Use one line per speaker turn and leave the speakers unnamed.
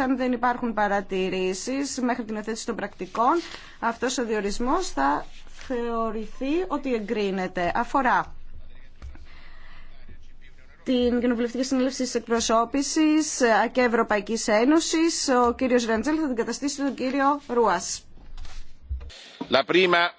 αν δεν υπάρχουν παρατηρήσεις μέχρι την εθέτηση των πρακτικών, αυτός ο διορισμός θα θεωρηθεί ότι εγκρίνεται. Αφορά την Κοινοβουλευτική Συνέλευση τη Εκπροσώπηση και Ευρωπαϊκή Ένωσης, ο κύριος Ρεντζέλ θα την καταστήσει τον κύριο Ρουάς.
La prima...